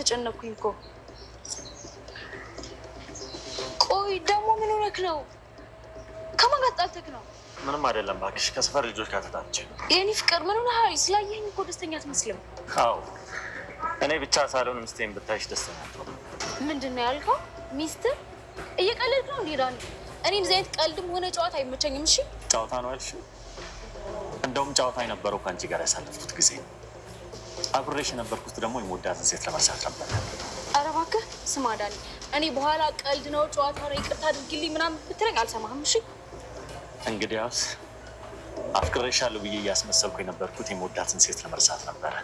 ተጨነኩኝ እኮ። ቆይ ደግሞ ምን ሆነክ ነው? ከማን ጋር ተጣልተክ ነው? ምንም አይደለም እባክሽ፣ ከሰፈር ልጆች ጋር ተጣልቼ። የኔ ፍቅር ምን ሆነ? ሀይ እኮ ደስተኛ አትመስልም። አዎ እኔ ብቻ ሳልሆን ሚስቴን ብታይሽ ደስተኛ ምንድን ነው ያልከው? ሚስትህ እየቀለድክ ነው እንዴ? ዳኒ፣ እኔ እንደዚህ አይነት ቀልድም ሆነ ጨዋታ አይመቸኝም። እሺ ጨዋታ ነው ያልሽኝ? እንደውም ጨዋታ የነበረው ከአንቺ ጋር ያሳለፍኩት ጊዜ አብሬሽ የነበርኩት ደግሞ የምወዳትን ሴት ለመርሳት ነበር። ኧረ እባክህ ስማ ዳኒ፣ እኔ በኋላ ቀልድ ነው ጨዋታ ነው ይቅርታ አድርግልኝ ምናምን ብትለኝ አልሰማህም። እሺ እንግዲያውስ አፍቅሬሻለሁ ብዬ እያስመሰልኩ የነበርኩት የምወዳትን ሴት ለመርሳት ነበረ።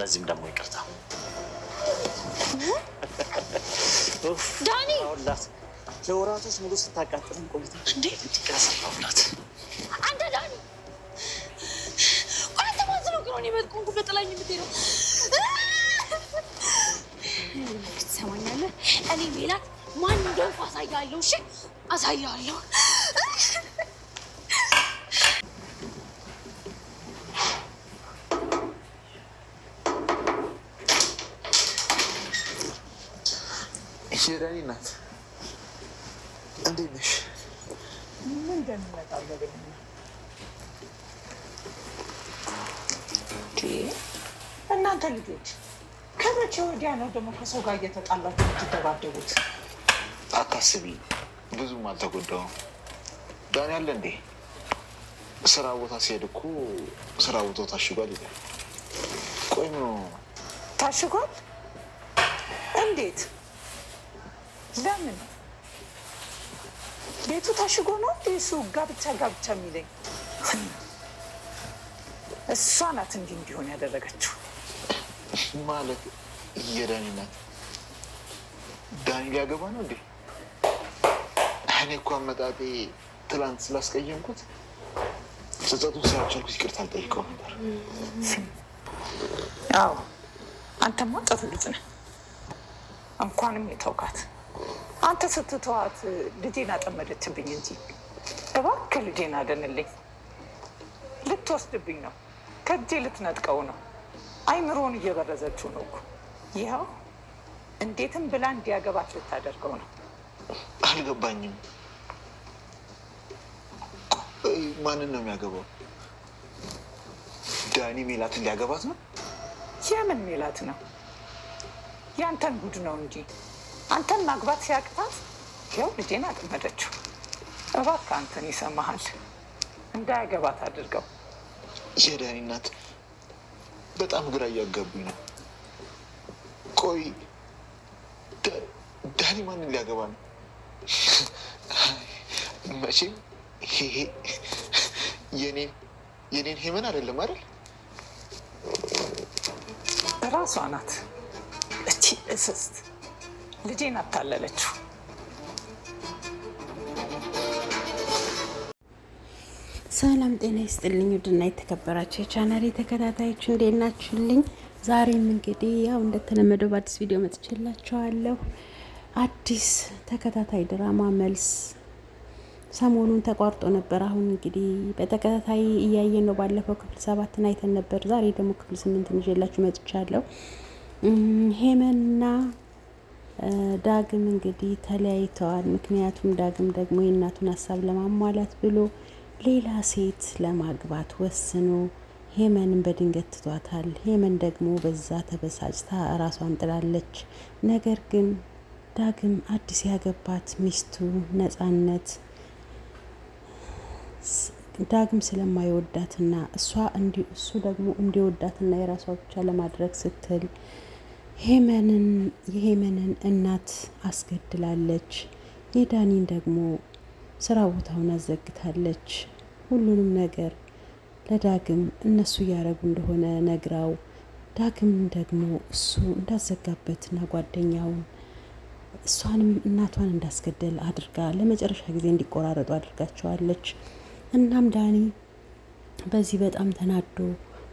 ለዚህም ደግሞ ይቅርታ ዳኒ። ወራት ሙሉ ስታቃጥለን ቆይታ እንዴት እኔ በጥቁንኩ በጥላኝ የምትሄደው ትሰማኛለህ? እኔ ሜላት ማን እንደሆንኩ አሳያለሁ። እሺ አሳያለሁ። እሺ ናት። እንዴት ነሽ? ምን እንደምመጣ እናንተ ልጆች ከመቼ ወዲያ ነው ደግሞ ከሰው ጋር እየተጣላችሁ የምትደባደቡት? አታስቢ፣ ብዙም አልተጎዳውም። ዳን ያለ እንዴ ስራ ቦታ ሲሄድ እኮ ስራ ቦታው ታሽጓል ይላል። ቆይ ነው ታሽጓል? እንዴት? ለምን? ቤቱ ታሽጎ ነው? እሱ ጋብቻ ጋብቻ የሚለኝ እሷ ናት እንዲህ እንዲሆን ያደረገችው። ማለት የዳኒ ናት። ዳኒ ሊያገባ ነው እንዴ? እኔ እኮ አመጣጤ ትላንት ስላስቀየምኩት ጸጸቱን ስላልቻልኩት ይቅርታ አልጠይቀው ነበር። አዎ አንተማ ጥሩ ልጅ ነህ። እንኳንም የተውካት አንተ ስትተዋት ልጄን አጠመደችብኝ እንጂ እባክህ ልጄን አደንልኝ፣ ልትወስድብኝ ነው። ከእጄ ልትነጥቀው ነው። አይምሮን እየበረዘችው ነው እኮ ይኸው እንዴትም ብላ እንዲያገባት ልታደርገው ነው። አልገባኝም። ማንን ነው የሚያገባው? ዳኒ ሜላትን ሊያገባት ነው? የምን ሜላት ነው? የአንተን ጉድ ነው እንጂ አንተን ማግባት ሲያቅታት ይኸው ልጄን አጥመደችው። እባክህ አንተን ይሰማሃል፣ እንዳያገባት አድርገው። የዳኒ እናት በጣም ግራ እያጋቡኝ ነው። ቆይ ዳኒ ማንን ሊያገባ ነው? መቼም ይሄ የኔን ሄመን አይደለም አይደል? ራሷ ናት እቺ እስስት ልጄን አታለለችው። ሰላም ጤና ይስጥልኝ። ውድና የተከበራችሁ የቻናል ተከታታዮች እንዴት ናችሁልኝ? ዛሬም እንግዲህ ያው እንደተለመደው በአዲስ ቪዲዮ መጥቼላችኋለሁ። አዲስ ተከታታይ ድራማ መልስ ሰሞኑን ተቋርጦ ነበር። አሁን እንግዲህ በተከታታይ እያየን ነው። ባለፈው ክፍል ሰባትን አይተን ነበር። ዛሬ ደግሞ ክፍል ስምንት ይዤላችሁ መጥቻለሁ። ሄመንና ዳግም እንግዲህ ተለያይተዋል። ምክንያቱም ዳግም ደግሞ የእናቱን ሀሳብ ለማሟላት ብሎ ሌላ ሴት ለማግባት ወስኖ ሄመንን በድንገት ትቷታል። ሄመን ደግሞ በዛ ተበሳጭታ ራሷን ጥላለች። ነገር ግን ዳግም አዲስ ያገባት ሚስቱ ነጻነት ዳግም ስለማይወዳትና እሷ እሱ ደግሞ እንዲወዳትና የራሷ ብቻ ለማድረግ ስትል ሄመንን የሄመንን እናት አስገድላለች። የዳኒን ደግሞ ስራ ቦታውን አዘግታለች። ሁሉንም ነገር ለዳግም እነሱ እያደረጉ እንደሆነ ነግራው ዳግም ደግሞ እሱ እንዳዘጋበትና ጓደኛውን እሷንም እናቷን እንዳስገደል አድርጋ ለመጨረሻ ጊዜ እንዲቆራረጡ አድርጋቸዋለች። እናም ዳኒ በዚህ በጣም ተናዶ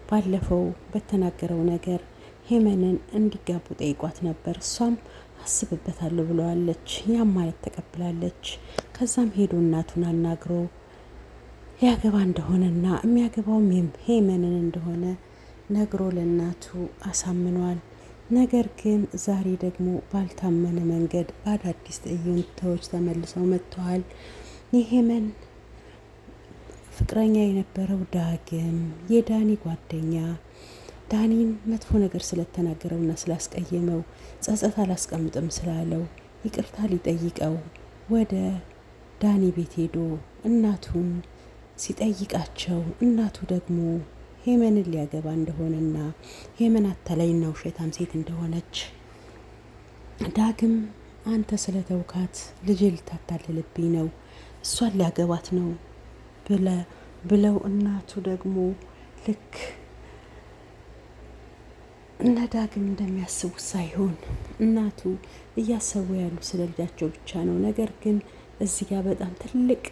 ባለፈው በተናገረው ነገር ሄመንን እንዲጋቡ ጠይቋት ነበር። እሷም አስብበታለሁ ብለዋለች። ያም ማለት ተቀብላለች። ከዛም ሄዶ እናቱን አናግሮ ያገባ እንደሆነና የሚያገባውም ሄመንን እንደሆነ ነግሮ ለእናቱ አሳምኗል። ነገር ግን ዛሬ ደግሞ ባልታመነ መንገድ በአዳዲስ ትዕይንቶች ተመልሰው መጥተዋል። የሄመን ፍቅረኛ የነበረው ዳግም የዳኒ ጓደኛ ዳኒን መጥፎ ነገር ስለተናገረውና ስላስቀየመው ጸጸት አላስቀምጥም ስላለው ይቅርታ ሊጠይቀው ወደ ዳኒ ቤት ሄዶ እናቱን ሲጠይቃቸው እናቱ ደግሞ ሄመንን ሊያገባ እንደሆነና ሄመን አታላይና ውሸታም ሴት እንደሆነች ዳግም አንተ ስለ ተውካት ልጅ ልታታልልብኝ ነው፣ እሷን ሊያገባት ነው ብለው እናቱ ደግሞ ልክ እነ ዳግም እንደሚያስቡት ሳይሆን እናቱ እያሰቡ ያሉ ስለ ልጃቸው ብቻ ነው። ነገር ግን እዚያ በጣም ትልቅ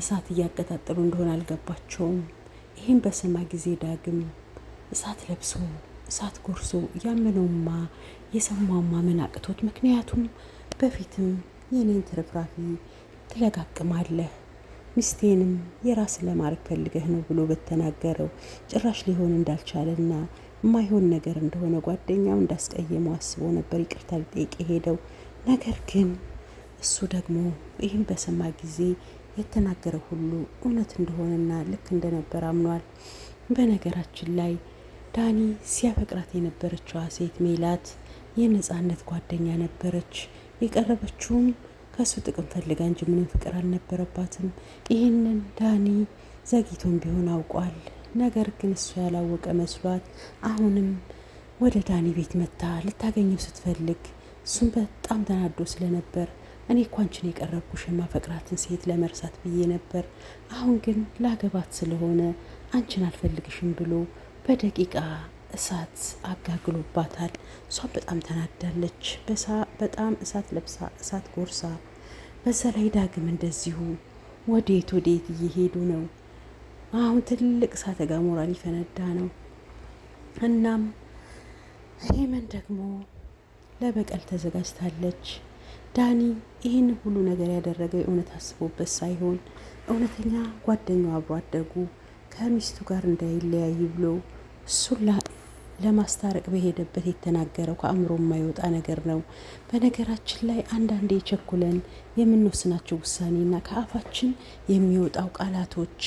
እሳት እያቀጣጠሉ እንደሆነ አልገባቸውም። ይህም በሰማ ጊዜ ዳግም እሳት ለብሶ እሳት ጎርሶ ያመነውማ የሰማውማ ምን አቅቶት፣ ምክንያቱም በፊትም የኔን ትርፍራፊ ትለጋቅማለህ ሚስቴንም የራስ ለማድረግ ፈልገህ ነው ብሎ በተናገረው ጭራሽ ሊሆን እንዳልቻለና የማይሆን ነገር እንደሆነ ጓደኛው እንዳስቀየመው አስቦ ነበር ይቅርታ ሊጠይቅ ሄደው። ነገር ግን እሱ ደግሞ ይህን በሰማ ጊዜ የተናገረ ሁሉ እውነት እንደሆነና ልክ እንደነበር አምኗል። በነገራችን ላይ ዳኒ ሲያፈቅራት የነበረችዋ ሴት ሜላት የነጻነት ጓደኛ ነበረች። የቀረበችውም ከእሱ ጥቅም ፈልጋ እንጂ ምንም ፍቅር አልነበረባትም። ይህንን ዳኒ ዘግይቶም ቢሆን አውቋል። ነገር ግን እሱ ያላወቀ መስሏት አሁንም ወደ ዳኒ ቤት መታ ልታገኘው ስትፈልግ እሱም በጣም ተናዶ ስለነበር እኔ እኮ አንቺን የቀረብኩሽ የማፈቅራትን ሴት ለመርሳት ብዬ ነበር። አሁን ግን ላገባት ስለሆነ አንቺን አልፈልግሽም ብሎ በደቂቃ እሳት አጋግሎባታል። እሷም በጣም ተናዳለች። በጣም እሳት ለብሳ እሳት ጎርሳ፣ በዛ ላይ ዳግም እንደዚሁ ወዴት ወዴት እየሄዱ ነው? አሁን ትልቅ እሳተ ገሞራ ሊፈነዳ ነው። እናም ሄመን ደግሞ ለበቀል ተዘጋጅታለች። ዳኒ ይህን ሁሉ ነገር ያደረገው የእውነት አስቦበት ሳይሆን እውነተኛ ጓደኛው አብሮ አደጉ ከሚስቱ ጋር እንዳይለያይ ብሎ እሱን ለማስታረቅ በሄደበት የተናገረው ከአእምሮ የማይወጣ ነገር ነው። በነገራችን ላይ አንዳንዴ የቸኩለን የምንወስናቸው ውሳኔና ከአፋችን የሚወጣው ቃላቶች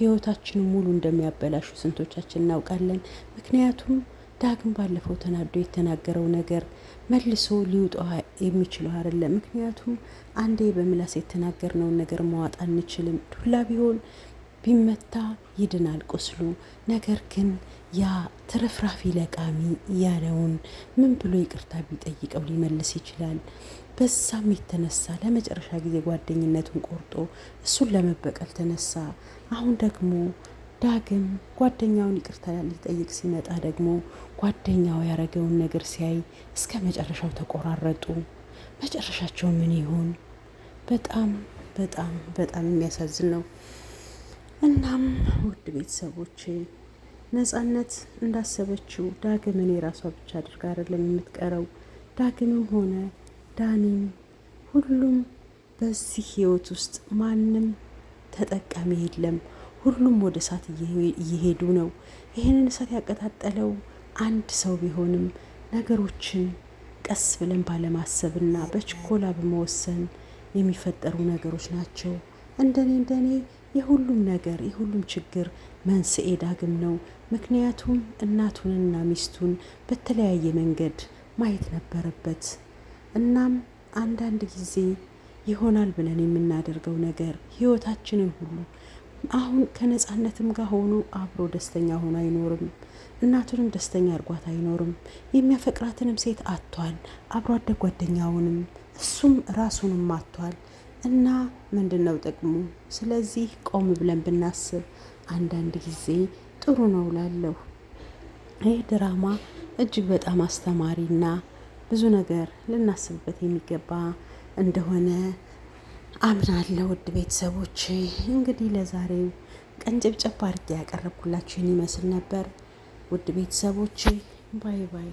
ህይወታችን ሙሉ እንደሚያበላሹ ስንቶቻችን እናውቃለን። ምክንያቱም ዳግም ባለፈው ተናዶ የተናገረው ነገር መልሶ ሊውጠው የሚችለው አይደለም። ምክንያቱም አንዴ በምላስ የተናገርነውን ነገር መዋጥ አንችልም። ዱላ ቢሆን ቢመታ ይድናል ቁስሉ። ነገር ግን ያ ትርፍራፊ ለቃሚ ያለውን ምን ብሎ ይቅርታ ቢጠይቀው ሊመልስ ይችላል። በዛም የተነሳ ለመጨረሻ ጊዜ ጓደኝነቱን ቆርጦ እሱን ለመበቀል ተነሳ። አሁን ደግሞ ዳግም ጓደኛውን ይቅርታ ሊጠይቅ ሲመጣ ደግሞ ጓደኛው ያረገውን ነገር ሲያይ እስከ መጨረሻው ተቆራረጡ። መጨረሻቸው ምን ይሆን? በጣም በጣም በጣም የሚያሳዝን ነው። እናም ውድ ቤተሰቦች ነጻነት እንዳሰበችው ዳግም እኔ ራሷ ብቻ አድርጋ አይደለም የምትቀረው። ዳግምም ሆነ ዳኒም ሁሉም በዚህ ህይወት ውስጥ ማንም ተጠቃሚ የለም። ሁሉም ወደ እሳት እየሄዱ ነው። ይህንን እሳት ያቀጣጠለው አንድ ሰው ቢሆንም ነገሮችን ቀስ ብለን ባለማሰብና በችኮላ በመወሰን የሚፈጠሩ ነገሮች ናቸው። እንደኔ እንደኔ የሁሉም ነገር የሁሉም ችግር መንስኤ ዳግም ነው። ምክንያቱም እናቱንና ሚስቱን በተለያየ መንገድ ማየት ነበረበት። እናም አንዳንድ ጊዜ ይሆናል ብለን የምናደርገው ነገር ህይወታችንን ሁሉ አሁን ከነፃነትም ጋር ሆኖ አብሮ ደስተኛ ሆኖ አይኖርም። እናቱንም ደስተኛ እርጓት አይኖርም። የሚያፈቅራትንም ሴት አጥቷል። አብሮ አደግ ጓደኛውንም እሱም ራሱንም አጥቷል። እና ምንድን ነው ጥቅሙ? ስለዚህ ቆም ብለን ብናስብ አንዳንድ ጊዜ ጥሩ ነው ላለሁ ይህ ድራማ እጅግ በጣም አስተማሪና ብዙ ነገር ልናስብበት የሚገባ እንደሆነ አምናለሁ። ውድ ቤተሰቦች እንግዲህ ለዛሬው ቀን ጭብጨብ አድርጌ ያቀረብኩላችሁ ይመስል ነበር። ውድ ቤተሰቦች ባይ ባይ።